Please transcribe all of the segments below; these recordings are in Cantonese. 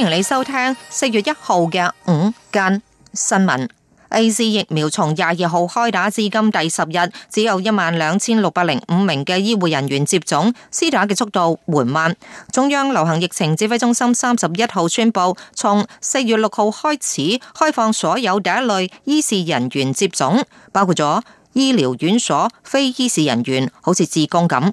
歡迎你收聽四月一號嘅午間新聞。A C 疫苗從廿二號開打至今第十日，只有一萬兩千六百零五名嘅醫護人員接種，施打嘅速度緩慢。中央流行疫情指揮中心三十一號宣布，從四月六號開始開放所有第一類醫事人員接種，包括咗醫療院所非醫事人員，好似志工咁。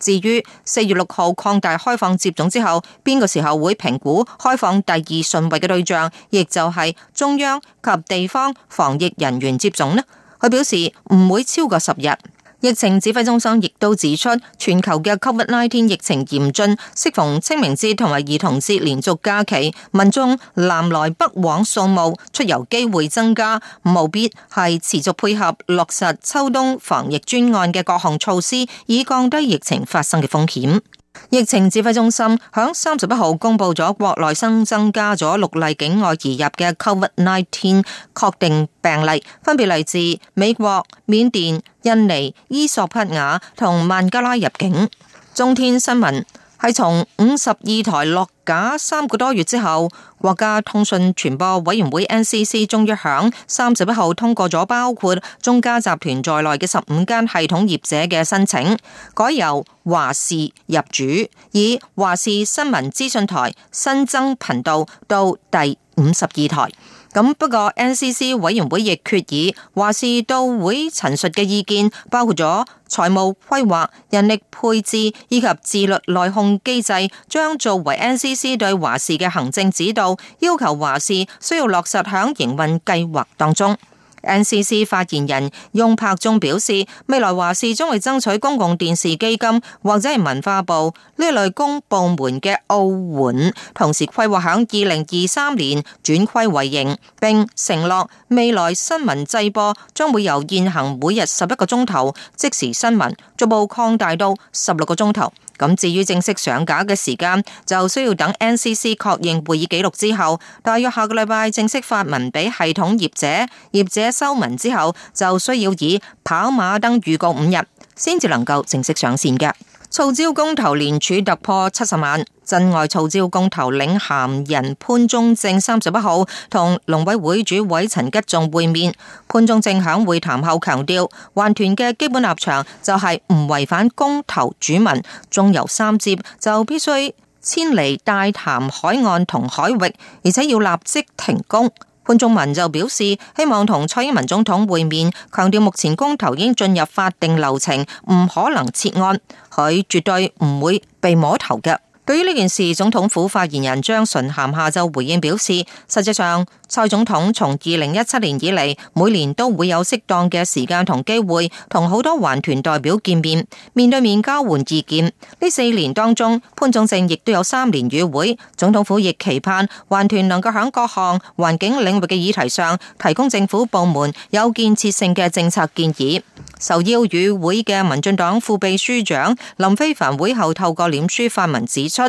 至於四月六號擴大開放接種之後，邊個時候會評估開放第二順位嘅對象，亦就係中央及地方防疫人員接種呢？佢表示唔會超過十日。疫情指揮中心亦都指出，全球嘅 COVID-19 疫情嚴峻，適逢清明節同埋兒童節連續假期，民眾南來北往、掃墓、出遊機會增加，務必係持續配合落實秋冬防疫專案嘅各項措施，以降低疫情發生嘅風險。疫情指揮中心響三十一號公佈咗國內新增加咗六例境外移入嘅 COVID-Nineteen 確定病例，分別嚟自美國、緬甸、印尼、衣索比亞同孟加拉入境。中天新聞。係從五十二台落架三個多月之後，國家通訊傳播委員會 NCC 終於響三十一號通過咗包括中嘉集團在內嘅十五間系統業者嘅申請，改由華視入主，以華視新聞資訊台新增頻道到第五十二台。咁不過 NCC 委員會亦決議，華視到會陳述嘅意見，包括咗財務規劃、人力配置以及自律內控機制，將作為 NCC 對華視嘅行政指導，要求華視需要落實響營運計劃當中。NCC 發言人翁柏忠表示，未來華視將會爭取公共電視基金或者係文化部呢一類公部門嘅奧援，同時規劃響二零二三年轉虧為盈，並承諾未來新聞製播將會由現行每日十一個鐘頭即時新聞逐步擴大到十六個鐘頭。咁至於正式上架嘅時間，就需要等 NCC 確認會議記錄之後，大約下個禮拜正式發文俾系統業者，業者收文之後，就需要以跑馬燈預告五日，先至能夠正式上線嘅。草礁公投連署突破七十萬，珍愛草礁公投領銜人潘忠政三十一號同農委會主委陳吉仲會面。潘忠政響會談後強調，環團嘅基本立場就係唔違反公投主文，縱有三接就必須遷離大潭海岸同海域，而且要立即停工。潘忠政就表示，希望同蔡英文總統會面，強調目前公投已經進入法定流程，唔可能撤案，佢絕對唔會被摸頭嘅。對於呢件事，總統府發言人張純涵下晝回應表示，實際上蔡總統從二零一七年以嚟，每年都會有適當嘅時間同機會，同好多環團代表見面，面對面交換意見。呢四年當中，潘忠政亦都有三年與會，總統府亦期盼環團能夠響各項環境領域嘅議題上，提供政府部門有建設性嘅政策建議。受邀與會嘅民進黨副秘書長林飛帆會後透過臉書發文指出，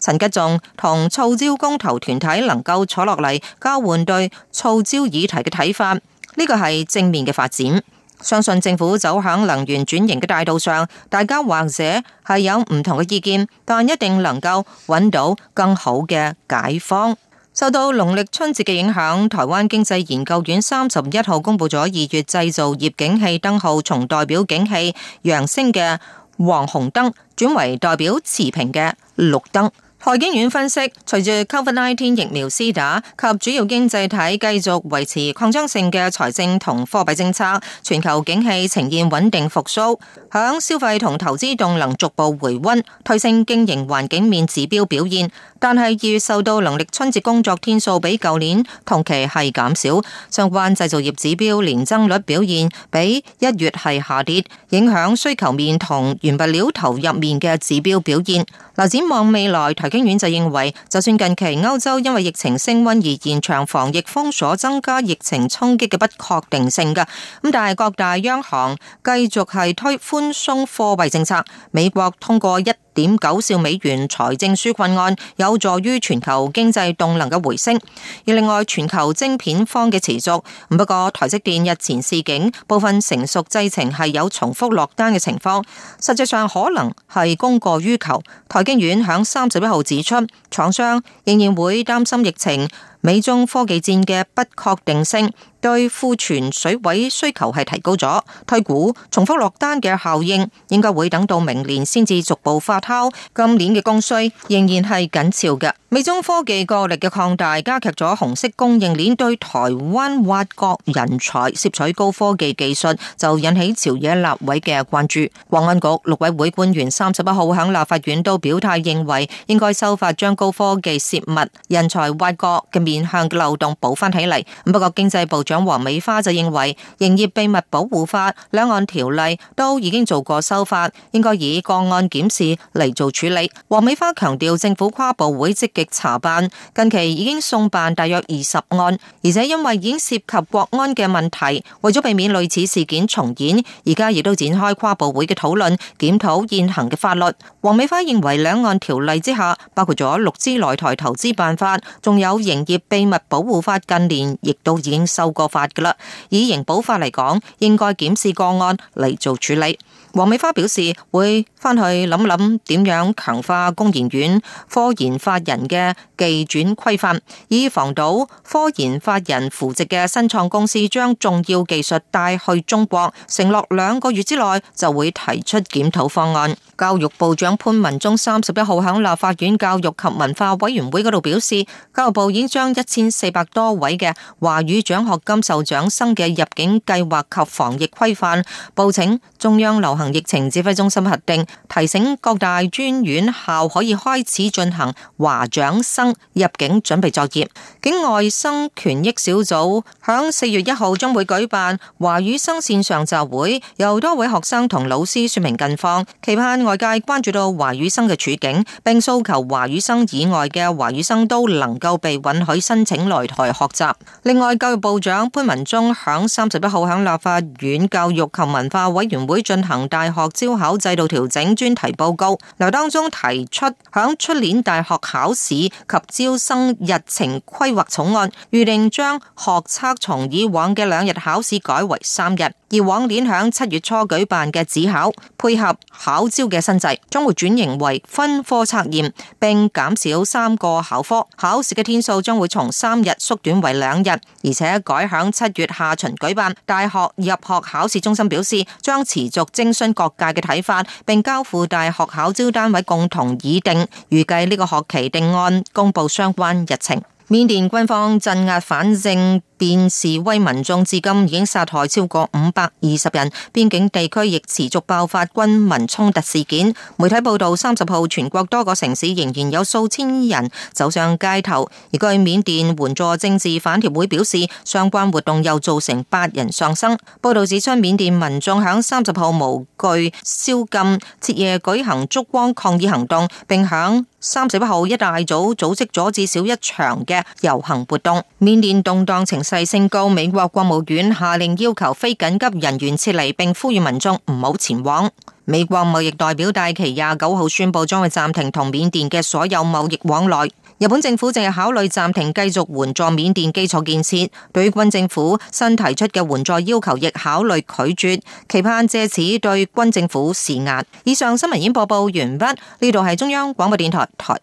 陳吉仲同藻礁公投團體能夠坐落嚟，交換對藻礁議題嘅睇法，呢個係正面嘅發展。相信政府走向能源轉型嘅大道上，大家或者係有唔同嘅意見，但一定能夠揾到更好嘅解方。受到農曆春節嘅影響，台灣經濟研究院三十一號公布咗二月製造業景氣燈號，從代表景氣揚升嘅黃紅燈轉為代表持平嘅綠燈。台經院分析，隨住 COVID-19 疫苗施打及主要經濟體繼續維持擴張性嘅財政同貨幣政策，全球景氣呈現穩定復蘇，響消費同投資動能逐步回溫，推升經營環境面指標表現。但係二月受到農曆春節工作天數比舊年同期係減少，相關製造業指標年增率表現比一月係下跌，影響需求面同原材料投入面嘅指標表現。嗱，展望未來台官員就認為，就算近期歐洲因為疫情升温而延長防疫封鎖，增加疫情衝擊嘅不確定性噶，咁但係各大央行繼續係推寬鬆貨幣政策。美國通過一點九兆美元財政紓困案有助於全球經濟動能嘅回升，而另外全球晶片方嘅持續，不過台積電日前示警，部分成熟製程係有重複落單嘅情況，實際上可能係供過於求。台經院響三十一號指出，廠商仍然會擔心疫情。美中科技戰嘅不確定性，對庫存水位需求係提高咗，推估重複落單嘅效應應該會等到明年先至逐步發酵。今年嘅供需仍然係緊俏嘅。美中科技個力嘅擴大，加劇咗紅色供應鏈對台灣挖角人才、攝取高科技技術，就引起朝野立委嘅關注。國安局陸委會官員三十一號響立法院都表態認為應該修法將高科技泄密人才挖角嘅。面向漏洞補翻起嚟。不過經濟部長黃美花就認為，營業秘密保護法兩岸條例都已經做過修法，應該以個案檢視嚟做處理。黃美花強調，政府跨部會積極查辦，近期已經送辦大約二十案，而且因為已經涉及國安嘅問題，為咗避免類似事件重演，而家亦都展開跨部會嘅討論，檢討現行嘅法律。黃美花認為，兩岸條例之下，包括咗六支來台投資辦法，仲有營業秘密保護法近年亦都已經受過法噶啦，以刑保法嚟講，應該檢視個案嚟做處理。黃美花表示會返去諗諗點樣強化工研院科研法人嘅技轉規範，以防到科研法人扶植嘅新創公司將重要技術帶去中國。承諾兩個月之內就會提出檢討方案。教育部長潘文忠三十一號喺立法院教育及文化委員會嗰度表示，教育部已經將一千四百多位嘅華語獎學金受獎生嘅入境計劃及防疫規範報請中央流行疫情指揮中心核定，提醒各大專院校可以開始進行華獎生入境準備作業。境外生權益小組響四月一號將會舉辦華語生線上集會，由多位學生同老師說明近況，期盼。外界關注到華語生嘅處境，並訴求華語生以外嘅華語生都能夠被允許申請來台學習。另外，教育部長潘文忠響三十一號響立法院教育及文化委員會進行大學招考制度調整專題報告，劉當中提出響出年大學考試及招生日程規劃草案，預定將學測從以往嘅兩日考試改為三日，而往年響七月初舉辦嘅指考配合考招嘅。新制將會轉型為分科測驗，並減少三個考科，考試嘅天數將會從三日縮短為兩日，而且改響七月下旬舉辦。大學入學考試中心表示，將持續徵詢各界嘅睇法，並交付大學考招單位共同擬定，預計呢個學期定案公布相關日程。緬甸軍方鎮壓反政。便示威民眾至今已經殺害超過五百二十人，邊境地區亦持續爆發軍民衝突事件。媒體報道，三十號全國多個城市仍然有數千人走上街頭，而據緬甸援助政治反調會表示，相關活動又造成八人喪生。報道指出，緬甸民眾響三十號無懼宵禁，徹夜舉行燭光抗議行動，並響三十一號一大早組織咗至少一場嘅遊行活動。緬甸動盪情誓聲高美國國務院下令要求非緊急人員撤離，並呼籲民眾唔好前往。美國貿易代表戴琪廿九號宣布將會暫停同緬甸嘅所有貿易往來。日本政府正係考慮暫停繼續援助緬甸基礎建設，對於軍政府新提出嘅援助要求，亦考慮拒絕，期盼借此對軍政府施壓。以上新聞演播報完畢，呢度係中央廣播電台台。